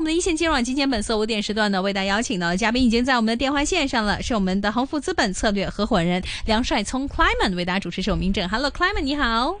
我們的一線金融網今天本色五點時段呢，為大家邀請到的嘉賓已經在我們的電話線上了，是我們的恒富資本策略合伙人梁帥聰 Clayman 為大家主持首名正 Hello, Clayman，你好。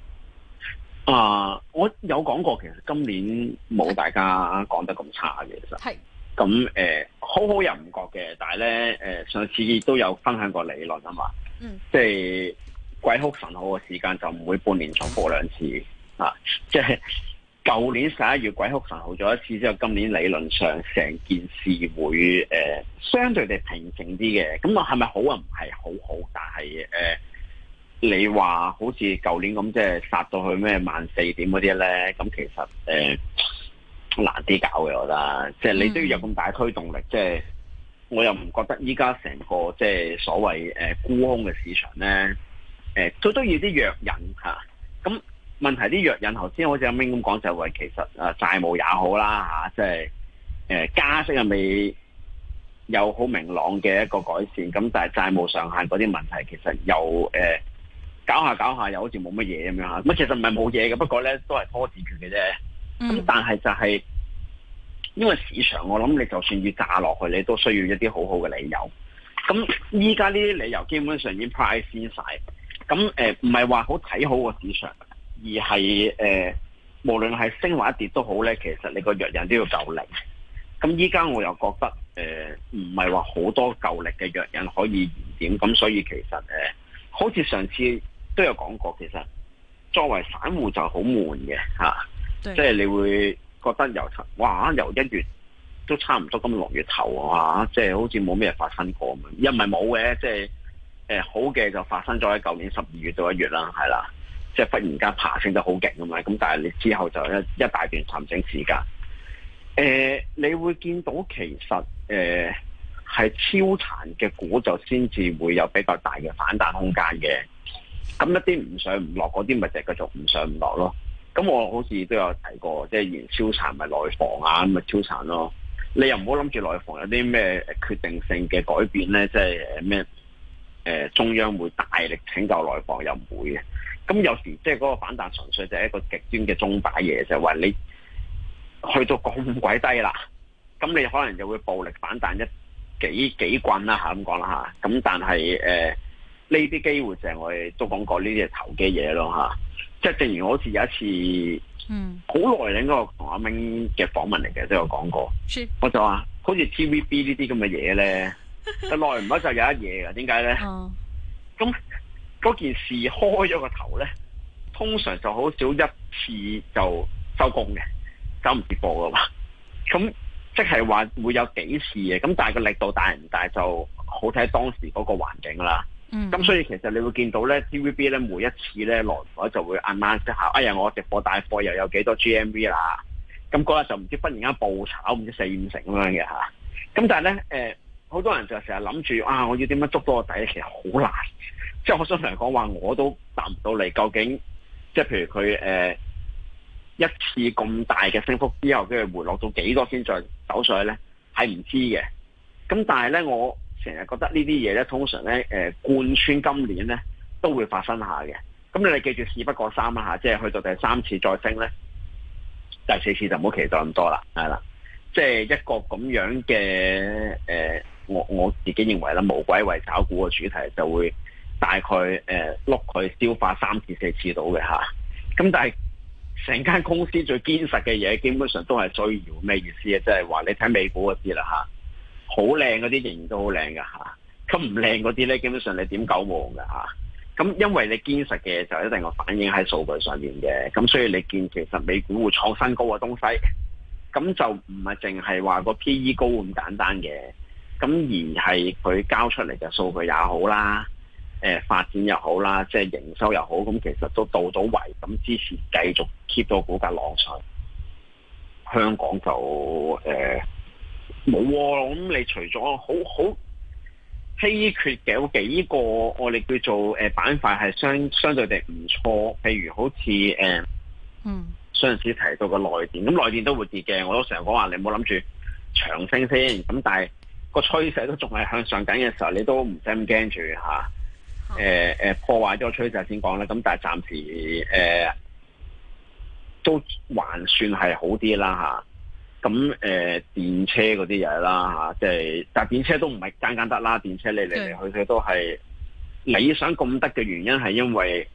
啊！我有講過，其實今年冇大家講得咁差嘅。其實係咁誒，好好又唔覺嘅，但係咧誒，上次都有分享過理論啊嘛，就是，嗯，即係鬼哭神號嘅時間就唔會半年重播兩次啊，即係舊年十一月鬼哭神號咗一次之後，今年理論上成件事會誒、呃、相對地平靜啲嘅。咁啊係咪好啊？唔係好好，但係誒。呃你話好似舊年咁，即係殺到去咩萬四點嗰啲咧？咁其實誒難啲搞嘅，我覺得。即係你都要有咁大推動力。即係我又唔覺得依家成個即係所謂誒沽空嘅市場咧，誒都都要啲藥引嚇。咁問題，啲藥引頭先好似阿明咁講，就係話其實誒債務也好啦嚇，即係誒加息又未有好明朗嘅一個改善。咁但係債務上限嗰啲問題，其實又誒。呃搞下搞下又好似冇乜嘢咁樣吓，咁其實唔係冇嘢嘅，不過咧都係拖字訣嘅啫。咁、嗯、但係就係、是、因為市場，我諗你就算要炸落去，你都需要一啲好好嘅理由。咁依家呢啲理由基本上已經 price 先晒。咁誒，唔係話好睇好個市場，而係誒、呃，無論係升或一跌都好咧，其實你個藥引都要夠力。咁依家我又覺得誒，唔係話好多夠力嘅藥引可以燃點，咁所以其實誒、呃，好似上次。都有講過，其實作為散戶就好悶嘅嚇對、啊，即係你會覺得由哇由一月都差唔多咁六月頭啊，即係好似冇咩發生過咁。又唔係冇嘅，即係誒、呃、好嘅就發生咗喺舊年十二月到一月啦，係啦，即係忽然間爬升得好勁咁啊！咁但係你之後就一一大段沉靜時間。誒、呃，你會見到其實誒係、呃、超殘嘅股就先至會有比較大嘅反彈空間嘅。嗯咁一啲唔上唔落嗰啲，咪就繼續唔上唔落咯。咁我好似都有提過，即係言超殘咪內防啊，咁、就、咪、是、超殘咯。你又唔好諗住內防有啲咩決定性嘅改變咧，即係咩？誒、呃，中央會大力拯救內防又唔會嘅。咁有時即係嗰個反彈純粹就係一個極端嘅鐘擺嘢，就係、是、話你去到咁鬼低啦，咁你可能就會暴力反彈一幾幾棍啦吓，咁講啦吓。咁但係誒。呃呢啲機會就係我哋都講過這些頭，呢啲係投機嘢咯嚇。即係，正如我好似有一次，嗯，好耐咧，嗰個同阿明嘅訪問嚟嘅都有講過，是我就話好似 T V B 呢啲咁嘅嘢咧，就耐唔耐就有一嘢㗎。點解咧？咁嗰、哦、件事開咗個頭咧，通常就好少一次就收工嘅，收唔結貨噶嘛。咁即係話會有幾次嘅，咁但係個力度大唔大就好睇當時嗰個環境啦。咁、嗯、所以其實你會見到咧，TVB 咧每一次咧來台就會 announce 一下，哎呀我直播帶貨又有幾多 GMV 啦，咁嗰日就唔知忽然間暴炒，唔知四五成咁樣嘅嚇，咁但係咧誒，好、呃、多人就成日諗住啊，我要點樣捉到個底，其實好難，即係我同常講話我都答唔到嚟，究竟即係譬如佢誒、呃、一次咁大嘅升幅之後，跟住回落到幾多先再走上去咧，係唔知嘅，咁但係咧我。成日覺得呢啲嘢咧，通常咧誒貫穿今年咧都會發生一下嘅。咁你記住，事不過三下即係去到第三次再升咧，第四次就唔好期待咁多啦，係啦。即係一個咁樣嘅誒，我我自己認為啦，無鬼為炒股嘅主題就會大概誒碌佢消化三次四次到嘅嚇。咁但係成間公司最堅實嘅嘢，基本上都係追謠，咩意思啊？即係話你睇美股嗰啲啦嚇。好靚嗰啲型都好靚噶吓，咁唔靚嗰啲咧，基本上你點狗望噶吓，咁因為你堅實嘅就一定要反映喺數據上面嘅，咁所以你見其實美股會創新高嘅東西，咁就唔係淨係話個 PE 高咁簡單嘅，咁而係佢交出嚟嘅數據也好啦，誒、呃、發展又好啦，即係營收又好，咁、就是、其實都到咗位咁支持繼續 keep 到股價浪上，香港就誒。呃冇，咁、啊、你除咗好好稀缺嘅幾個，我哋叫做誒、呃、板塊係相相對地唔錯，譬如好似誒，呃、嗯，上次提到嘅內電，咁內電都會跌嘅，我都成日講話你冇諗諗住長升先，咁但係個趨勢都仲係向上緊嘅時候，你都唔使咁驚住吓，誒、啊、誒、呃呃、破壞咗個趨勢先講啦。咁但係暫時誒、呃、都還算係好啲啦吓。啊咁誒、呃、電車嗰啲嘢啦，即係，但電車都唔係間間得啦。電車你嚟嚟去去都係理想咁得嘅原因係因為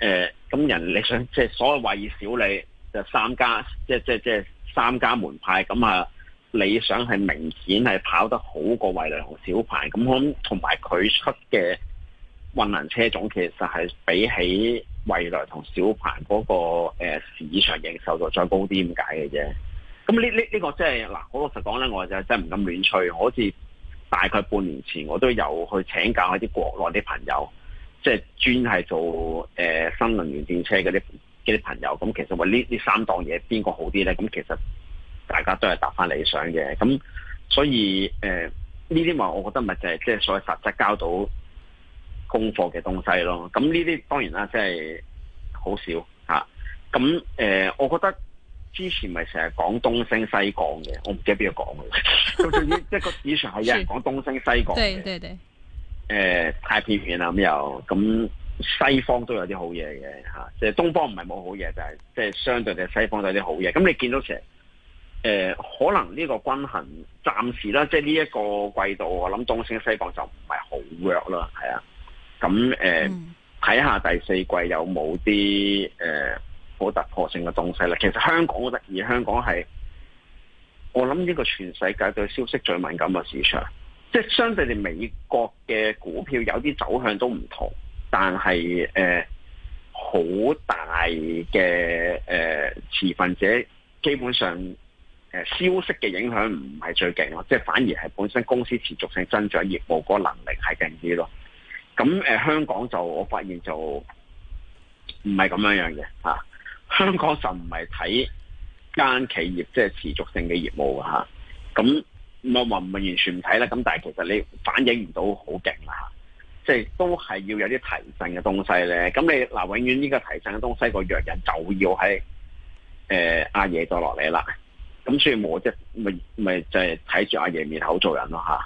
誒，咁、呃、人理想即係、就是、所謂蔚小理就三家，即係即係即係三家門派咁啊。理想係明顯係跑得好過蔚來同小鵬，咁我諗同埋佢出嘅運能車種其實係比起蔚來同小鵬嗰、那個、呃、市場認受度再高啲咁解嘅啫。咁呢呢呢個即係嗱，我老實講咧，我就真係唔敢亂吹。我好似大概半年前，我都有去請教一啲國內啲朋友，即係專係做誒新能源電車嗰啲啲朋友。咁其實話呢呢三檔嘢邊個好啲咧？咁其實大家都係答翻理想嘅。咁所以誒，呢啲話我覺得咪就係即係所謂實質交到功課嘅東西咯。咁呢啲當然啦，即係好少嚇。咁誒，我覺得。之前咪成日講東升西降嘅，我唔記得邊個講嘅。咁即係個市場係有人講東升西降嘅 對對、呃、太片面啦咁又，咁、嗯、西方都有啲好嘢嘅嚇，即、啊、係東方唔係冇好嘢，就係即係相對哋西方都有啲好嘢。咁你見到其實誒、呃，可能呢個均衡暫時啦，即係呢一個季度，我諗東升西降就唔係好弱啦，係啊。咁、呃、誒，睇、嗯、下第四季有冇啲誒。呃好突破性嘅東西啦，其實香港好得意，香港係我諗呢個全世界對消息最敏感嘅市場，即係相對地，美國嘅股票有啲走向都唔同，但係誒好大嘅誒、呃、持份者基本上誒、呃、消息嘅影響唔係最勁咯，即係反而係本身公司持續性增長業務嗰個能力係勁啲咯。咁誒、呃、香港就我發現就唔係咁樣樣嘅吓。啊香港就唔係睇間企業，即係持續性嘅業務啊，咁我話唔完全唔睇啦，咁但係其實你反映唔到好勁啦，即係都係要有啲提振嘅東西咧。咁你嗱，永遠呢個提振嘅東西、個藥引就要喺誒、呃、阿爺再落嚟啦。咁所以我即咪咪就係睇住阿爺面口做人咯吓，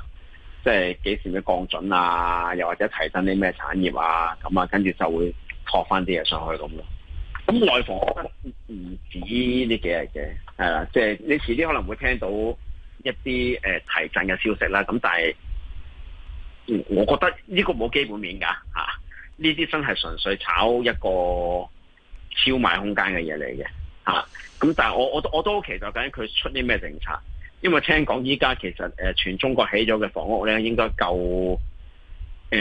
即係幾時嘅降準啊，又或者提升啲咩產業啊，咁啊，跟住就會托翻啲嘢上去咁咯。咁內房覺得唔止呢幾日嘅，係啦，即係你遲啲可能會聽到一啲、呃、提振嘅消息啦。咁但係，我覺得呢個冇基本面噶，呢啲真係純粹炒一個超賣空間嘅嘢嚟嘅。咁但係我我我都期待緊佢出啲咩政策，因為聽講依家其實、呃、全中國起咗嘅房屋咧應該夠誒。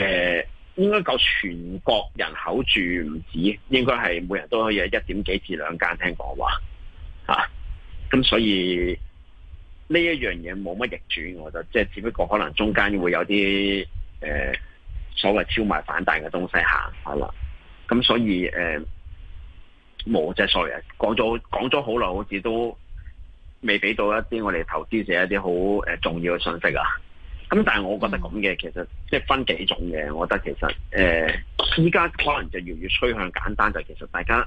呃應該夠全國人口住唔止，應該係每日都可以一點幾至兩間。聽講話，吓、啊，咁所以呢一樣嘢冇乜逆轉，我就即係只不過可能中間會有啲誒、呃、所謂超賣反彈嘅東西行係啦，咁、啊、所以誒冇即係 sorry 啊，講咗講咗好耐，好似都未俾到一啲我哋投資者一啲好誒重要嘅信息啊。咁但係我覺得咁嘅，嗯、其實即係分幾種嘅。我覺得其實誒，依、呃、家可能就越嚟越趨向簡單，就係其實大家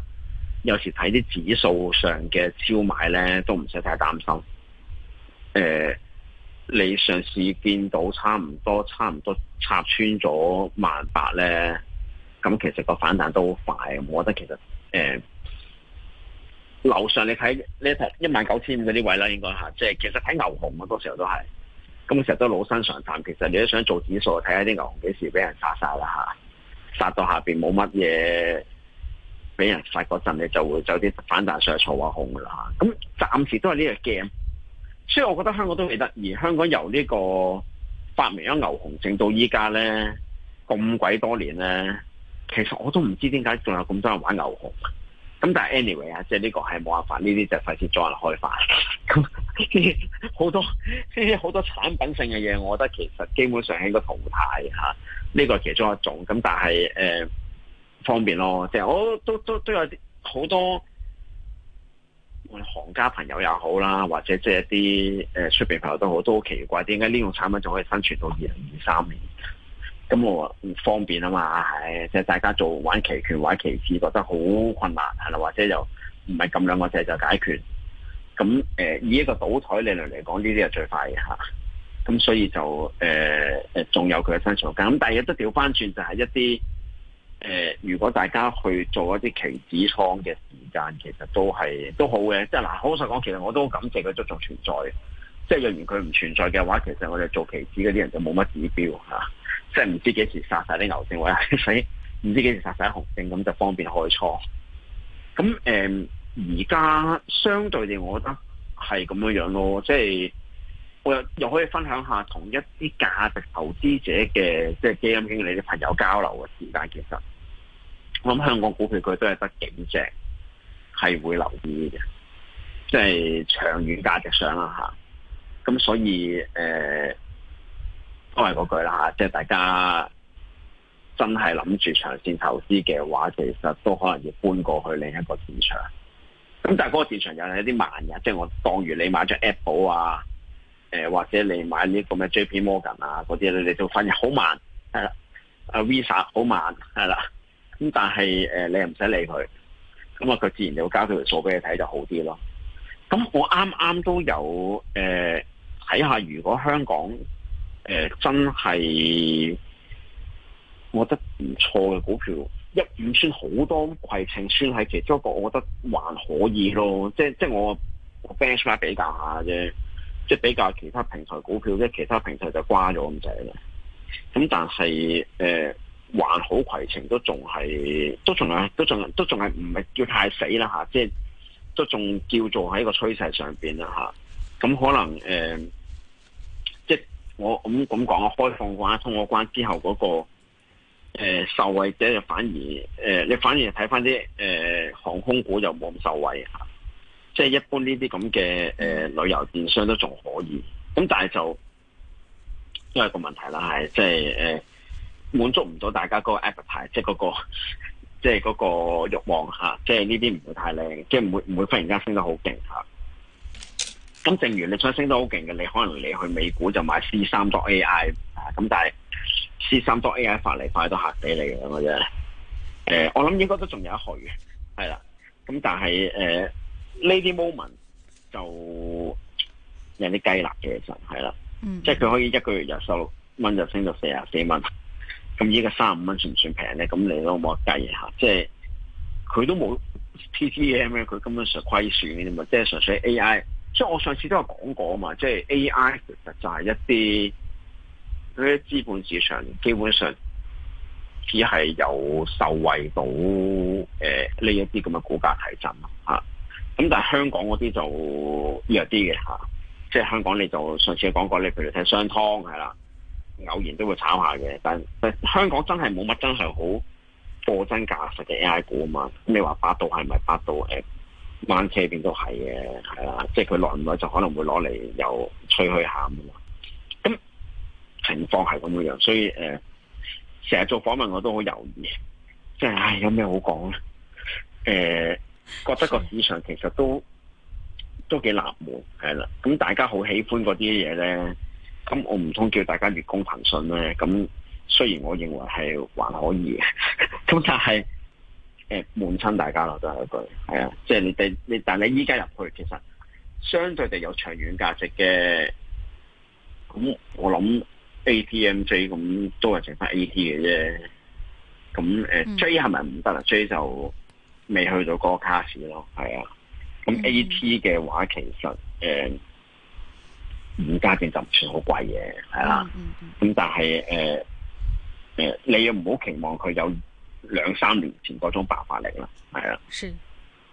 有時睇啲指數上嘅超買咧，都唔使太擔心。誒、呃，你上次見到差唔多、差唔多插穿咗萬八咧，咁其實個反彈都好快。我覺得其實誒、呃，樓上你睇呢一一萬九千五嗰啲位啦，應該係，即係其實睇牛熊啊，多時候都係。咁成日都老生常談，其實你都想做指數，睇下啲牛熊幾時俾人殺晒啦吓，殺到下面冇乜嘢俾人殺，嗰陣你就會走啲反彈上去做下空噶啦。咁暫時都係呢個 game，所以我覺得香港都記得，而香港由呢個發明咗牛熊證到依家咧，咁鬼多年咧，其實我都唔知點解仲有咁多人玩牛熊。咁但係 anyway 啊，即係呢個係冇辦法，呢啲就費事再開翻。 好 多，啲好多產品性嘅嘢，我覺得其實基本上應該淘汰嚇。呢個係其中一種咁，但係誒、呃、方便咯，即、就、係、是、我都都都有好多行家朋友又好啦，或者即係一啲誒出邊朋友都好，都好奇怪點解呢種產品仲可以生存到二零二三年？咁我話唔方便啊嘛，係，即、就、係、是、大家做玩期權、玩期指，覺得好困難係啦，或者又唔係咁兩個字就解決。咁誒、呃、以一個倒台理論嚟講，呢啲係最快嘅嚇。咁、啊、所以就誒仲、呃、有佢嘅生存。咁但係亦都調翻轉，就係、是、一啲誒、呃，如果大家去做一啲期指倉嘅時間，其實都係都好嘅。即係嗱，好實講，其實我都感謝佢都仲存在，即係若然佢唔存在嘅話，其實我哋做期指嗰啲人就冇乜指標、啊、即係唔知幾時殺晒啲牛證或者，唔知幾時殺晒啲熊證，咁就方便開倉。咁、啊呃而家相對地，我覺得係咁樣樣咯，即係我又又可以分享一下同一啲價值投資者嘅，即係基金經理啲朋友交流嘅時間。其實我諗香港股票佢都係得幾隻，係會留意嘅，即係長遠價值上啦吓。咁所以誒、呃，都係嗰句啦吓，即係大家真係諗住長線投資嘅話，其實都可能要搬過去另一個市場。咁但係嗰個市場又係有啲慢嘅，即係我當如你買咗 Apple 啊，誒或者你買呢個咩 JP Morgan 啊嗰啲咧，你都反而好慢，係啦，Visa 好慢，係啦，咁但係誒你又唔使理佢，咁啊佢自然就會交佢條數俾你睇就好啲咯。咁我啱啱都有誒睇下如果香港誒真係我覺得唔錯嘅股票。一五算好多攜程算係其中一個我覺得還可以咯，即即我 benchmark 比較一下啫，即比較其他平台股票咧，其他平台就瓜咗咁滯啦。咁但係誒、呃，還好攜程都仲係，都仲係，都仲，都仲係唔係叫太死啦吓、啊，即都仲叫做喺個趨勢上邊啦吓。咁、啊、可能誒、呃，即我咁咁講開放關通過關之後嗰、那個。誒、呃，受惠者就反而，誒、呃，你反而睇翻啲誒航空股又冇咁受惠吓，即、啊、係、就是、一般呢啲咁嘅誒旅遊電商都仲可以，咁但係就都係個問題啦，係即係誒滿足唔到大家嗰個、那個、就是、個 appetite，即係嗰個即係嗰個欲望吓，即係呢啲唔會太靚，即係唔會唔會忽然間升得好勁吓。咁、啊、正如你想升得好勁嘅，你可能你去美股就買 C3.ai 啊，咁但係。黐三多 AI 發嚟，快都嚇死你嘅，我真係，誒，我諗、呃、應該都仲有一去嘅，係啦，咁但係誒呢啲 moment 就有啲雞肋嘅就係啦，嗯、即係佢可以一個月由十六蚊就升到四啊四蚊，咁依家三十五蚊算唔算平咧？咁你都冇得計嚇，即係佢都冇 P t M 咧，佢根本上虧損嘅啫嘛，即係純粹 A I，即係我上次都有講過啊嘛，即係 A I 其實就係一啲。佢啲資本市場基本上只係有受惠到誒呢一啲咁嘅股價提振啊，咁但係香港嗰啲就弱啲嘅嚇，即係香港你就上次講過，你譬如睇商湯係啦，偶然都會炒一下嘅，但係香港真係冇乜真係好貨真價實嘅 AI 股啊嘛。咁你話百度係咪百度誒？萬科邊都係嘅，係啦，即係佢耐唔耐就可能會攞嚟又吹佢下嘅嘛。情況係咁樣樣，所以誒，成、呃、日做訪問我都好猶豫，即、就、係、是、唉，有咩好講咧？誒、呃，覺得個市場其實都都幾難悶，係啦。咁大家好喜歡嗰啲嘢咧，咁我唔通叫大家月供騰訊咧？咁雖然我認為係還可以嘅，咁 但係誒，悶、呃、親大家啦，都係一句，係啊，即、就、係、是、你哋，你但你依家入去，其實相對地有長遠價值嘅，咁我諗。A T M J 咁都係剩翻 A T 嘅啫，咁誒 J 係咪唔得啊？J 就未去到嗰個卡士咯，係啊。咁 A T 嘅話其實誒，mm hmm. 五家店就唔算好貴嘅，係啦、啊。咁、mm hmm. 但係誒誒，你又唔好期望佢有兩三年前嗰種爆發力啦，係啦、啊。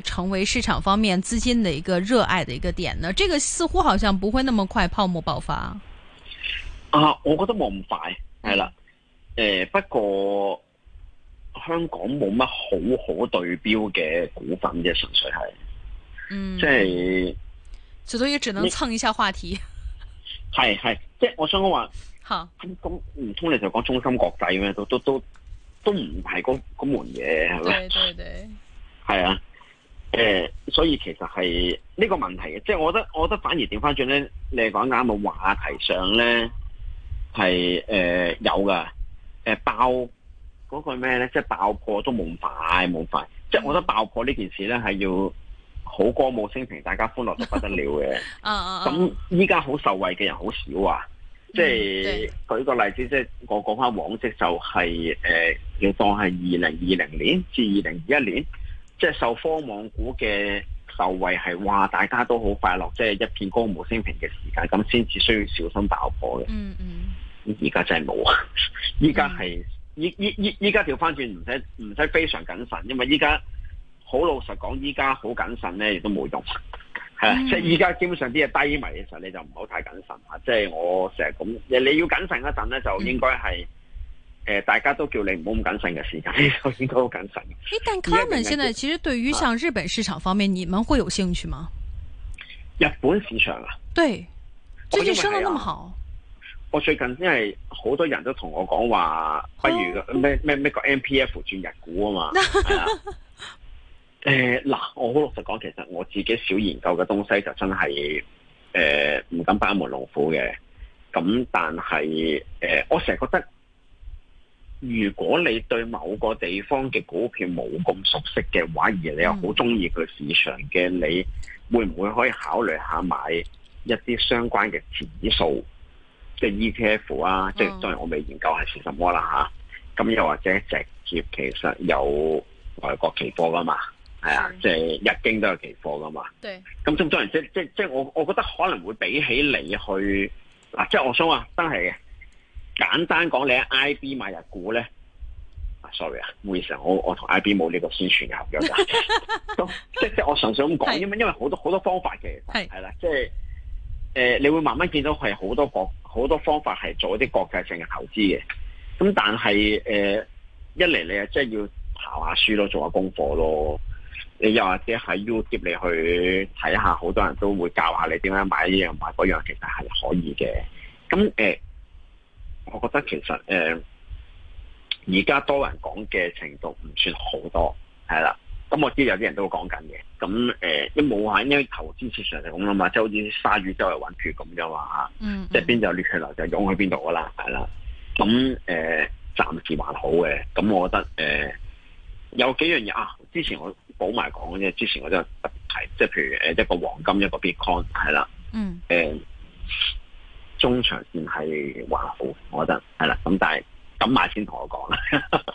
成為市場方面資金的一個熱愛的一個點呢？這個似乎好像不會那麼快泡沫爆發啊。啊，我覺得冇咁快，係啦。誒、呃，不過香港冇乜好好對標嘅股份嘅，純粹係，嗯，即係所以只能蹭一下話題你。係係 ，即係我想講話，好咁唔通你就講中芯國際咩？都都都都唔係嗰嗰門嘢係咪？對對，係啊。誒、呃，所以其實係呢個問題即係、就是、我覺得，我覺得反而調翻轉咧，你講啱嘅話題上咧，係誒、呃、有噶，誒、呃、爆嗰、那個咩咧，即係爆破都冇咁快冇咁快，沒快嗯、即係我覺得爆破呢件事咧係要好歌舞升平，大家歡樂得不得了嘅。咁依家好受惠嘅人好少啊，即係、嗯、舉個例子，即係我講翻往績就係、是、誒，要、呃、當係二零二零年至二零二一年。即係受科網股嘅受惠，係話大家都好快樂，即係一片歌舞升平嘅時間，咁先至需要小心爆破嘅。嗯嗯，而家真係冇啊！依家係依依依依家調翻轉，唔使唔使非常謹慎，因為依家好老實講，依家好謹慎咧亦都冇用。係、嗯嗯啊，即係依家基本上啲嘢，低迷嘅時候，你就唔好太謹慎吓、啊。即係我成日咁，你要謹慎一陣咧，就應該係。嗯誒、呃，大家都叫你唔好咁謹慎嘅時間，你首先都好謹慎。誒，但 Carmen 現在其實對於像日本市場方面，啊、你們會有興趣嗎？日本市場啊，對，最近升得那麼好。我最近因為好多人都同我講話，不如咩咩咩個 MPF 轉日股啊嘛。誒、 啊，嗱、呃，我好老實講，其實我自己少研究嘅東西就真係誒唔敢班門弄斧嘅。咁但係誒、呃，我成日覺得。如果你對某個地方嘅股票冇咁熟悉嘅話，而你又好中意佢市場嘅，嗯、你會唔會可以考慮下買一啲相關嘅指數，即係 ETF 啊？即係當然我未研究係算什麼啦嚇。咁、啊、又或者直接其實有外國期貨噶嘛？係的啊，即係日經都有期貨噶嘛？咁咁當然即即即我我覺得可能會比起你去嗱，即我想話真係簡單講，你喺 IB 買日股咧，啊，sorry 啊，會成，我我同 IB 冇呢個宣傳合約嘅， 即即係我純粹咁講，因為因為好多好多方法嘅，係啦是，即係誒、呃，你會慢慢見到係好多國好多方法係做一啲國際性嘅投資嘅，咁但係誒、呃、一嚟你啊，即係要查下書一個咯，做下功課咯，你又或者喺 YouTube 你去睇一下，好多人都會教下你點樣買呢樣買嗰樣，其實係可以嘅，咁誒。呃。我覺得其實誒，而家多人講嘅程度唔算好多，係啦。咁我知有啲人都講緊嘅。咁誒，一冇話因為投資市場就咁啦嘛，即係好似啲鯊魚周圍搵血咁嘅嘛吓。嗯嗯即係邊就有血流就湧去邊度噶啦，係啦。咁誒，暫時還好嘅。咁我覺得誒、呃，有幾樣嘢啊。之前我補埋講嘅啫。之前我都就提、是，即、就、係、是，譬如誒一個黃金，一個 Bitcoin 係啦。嗯。誒、呃。中長線係還好，我覺得係啦。咁但係咁買先同我講啦。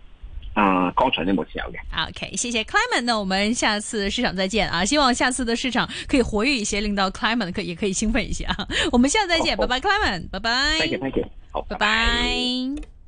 啊，剛才都冇持有嘅。OK，謝謝 Clement，那我們下次市場再見啊！希望下次的市場可以活躍一些，令到 Clement 可以也可以興奮一些啊！我們下次再見，拜拜，Clement，拜拜。Thank you，Thank you，好，拜拜。